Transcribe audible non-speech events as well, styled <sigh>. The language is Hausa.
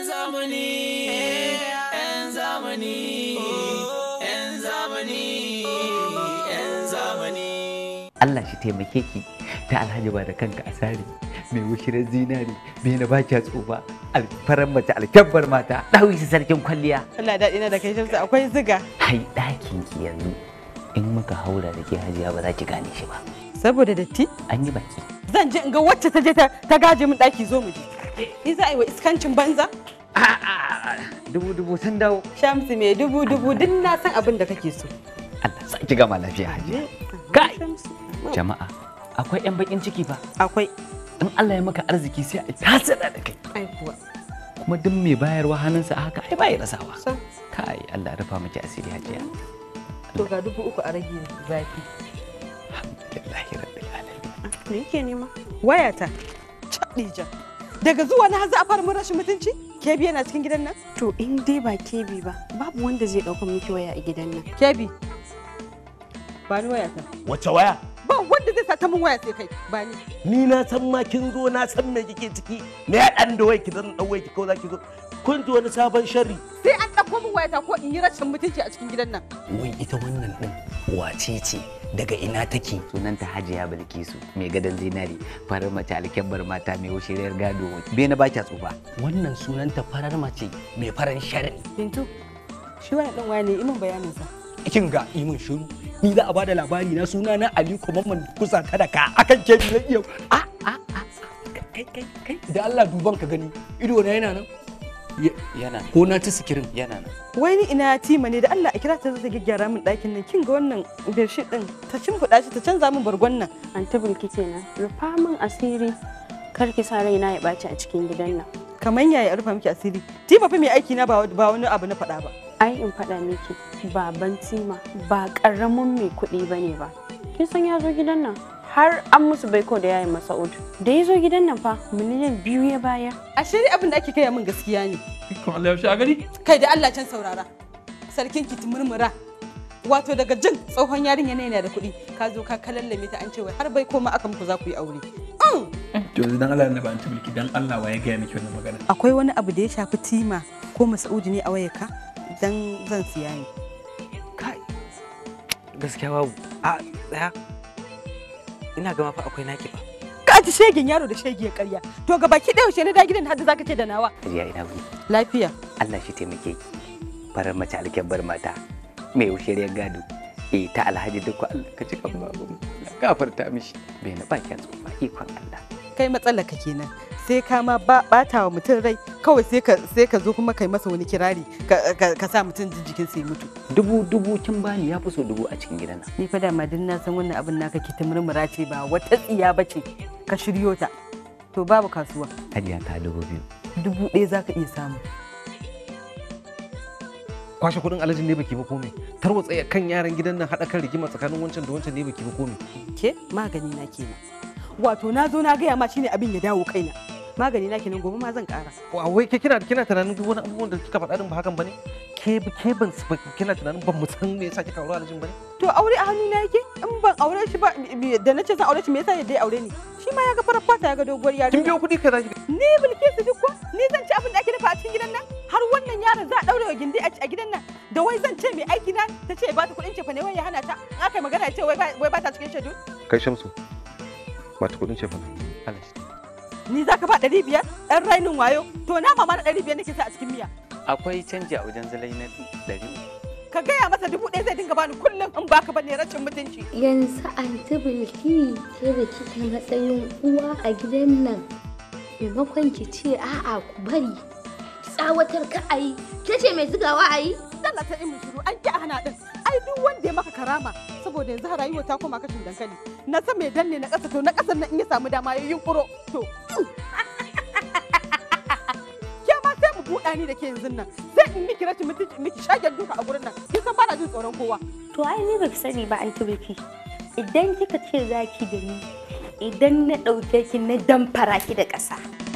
'yan zamani, 'yan zamani, 'yan zamani, 'yan zamani. Allah shi taimake ki ta alhaji ba da kanka asari mai wushirar zinari bai na baki tsufa, alfarar mace alkyabbar mata ɗawi su sarkin kwalliya. Allah daɗi na da kai shamsu akwai ziga. Hai ɗakin ki yanzu in muka haura da ke hajiya ba za ki gane shi ba. Saboda datti? An yi baki. Zan je in ga wacce ta je ta gaji min ɗaki zo mu je. Ni za a yi wa iskancin banza? Dubu dubu sun dawo. Shamsu mai dubu dubu duk na san abin da kake so. Allah sa ki gama lafiya hajiya. Kai! Jama'a, akwai 'yan bakin ciki ba? Akwai. In Allah ya maka arziki sai a tasira da kai. Ai Kuma duk mai bayarwa hannunsa a haka ai bai rasawa. Kai Allah rufa miki asiri hajiya. To ga dubu uku a rage zafi. Alhamdulillah rabbil alamin. Ah, me yake nema? Wayata. Chadija. daga zuwa na za a fara mun rashin mutunci kebi yana cikin gidan nan to in dai ba kebi ba babu wanda zai dauka miki waya a gidan nan kebi ba ni waya ta wace waya ba wanda zai sata min waya sai kai ba ni ni na san ma kin zo na san me kike ciki me ya dan da waya ki zan dan waya ki ko zaki zo kun ji wani sabon sharri sai an dauko min waya ta ko in yi rashin mutunci a cikin gidan nan wai ita wannan din wace ce daga ina take sunanta hajiya bilkisu mai gadon zinari farar mace alkyabbar mata mai wushiriyar gado be na baki tsufa wannan sunanta farar mace mai faran shari bintu shi wani dan waye ne imin bayanin sa kin ga imin shiru ni za a bada labari na suna na Aliko Mamman kusa da ka akan ke biyan yau a a a kai kai kai da Allah duban ka gani ido na yana nan yana ko na ta sikirin yana wai ni ina tima ne da Allah a kira ta zata gyaggyara min ɗakin nan kin ga wannan bedsheet din ta shi ta canza min bargon nan an ta bulkice na rufa min asiri kar ki sa raina ya ɓaci a cikin gidan nan kamar yaya rufa miki asiri tima fa mai aiki na ba wani abu na faɗa ba ai in faɗa miki baban tima ba ƙaramin mai kuɗi bane ba kin san ya zo gidan nan har an musu baiko da yayin Masa'ud. Da ya zo gidan nan fa miliyan biyu ya bayar. A shiri abin da ake gaya min gaskiya ne. Kuma Allah ya a gari. Kai da Allah can saurara. Sarkin ki murmura. Wato daga jin tsohon yarinya ne yana da kuɗi ka zo ka kalallame ta an ce wai har bai koma aka muku za ku yi aure. Mm. To dan Allah na ba an ci mulki dan Allah wa ya gaya miki wannan magana. Akwai wani abu da ya shafi tima ko Masa'ud ne a wayarka dan zan siya ne. Kai gaskiya babu. A tsaya. ina gama fa akwai naki ba ka ji shegin yaro da shegi ya karya to ga baki da yaushe na da gidan hadda zaka ce da nawa ya ina gudu lafiya Allah shi taimake ki farar mace bar mata mai yaushe ya gado eh ta alhaji duk Allah ka ci kan babu gafarta mishi bai na bakin tsoma ikon Allah kai matsalar ka kenan sai ka ma bata wa mutum rai kawai sai ka sai ka zo kuma kai masa wani kirari ka sa mutum jikin sai mutu dubu dubu kin bani ya fi so dubu a cikin gidana. ni fa da madin na san wannan abin naka ki ta ce ba wata tsiya bace ka shiryo ta to babu kasuwa hadiya ta dubu biyu dubu ɗaya zaka iya samu kwashe kudin alhaji ne baki ba komai tarwatsa kan yaran gidan nan haɗa kan rigima tsakanin wancan da wancan ne baki ba kome ke magani na kenan wato na zo na gaya ma shine abin ya dawo kaina magani na kenan gobe ma zan ko wai ke kina kina tunanin duk wani abubuwan da kika faɗa din ba hakan bane ke ke ban kina tunanin ban musan me yasa kika aure aljin bane to aure a hannu na yake in ban aure shi ba da nace san aure shi me yasa ya dai aure ni shi ma ya ga farar fata ya ga doguwar yarinya kin biyo kuɗi ka zaki ni bilkisu duk ko ni zan ci abin da ake nufa a cikin gidan nan har wannan yaron za a daure wa gindi a gidan nan da wai zan ce mai aiki na ta ce ba ta kuɗin cefa ne wai ya hana ta in aka yi magana ya ce wai ba ta cikin shaidu kai shamsu ba ta kuɗin cefa ne ni za ka ba ɗari biyar ɗan rainin wayo to na mama na ɗari biyar nake sa a cikin miya. akwai canji a wajen zalai na ɗari ka gaya masa dubu ɗaya zai dinga bani kullum in baka bane rashin mutunci. yanzu anti bilki ke da kike matsayin uwa a gidan nan maimakon ki ce a'a ku bari tsawatar ka a yi ke ce mai zigawa a yi. sallah ta yi shiru an ki a hana ɗin ai duk wanda ya maka karama saboda yanzu rayuwa ta koma kashin dankali na san mai danne na ƙasa to na ƙasar nan in ya samu dama ya yi to <laughs> Ke ma sai mu buɗa ni da ke yanzu nan. Sai in miki rashin mutunci miki shagen duka a gurin nan. Kin san bana jin tsoron kowa. To ai ni baki sani ba an tubiki. Idan kika ce zaki da ni idan na ɗauke ki na damfara ki da ƙasa.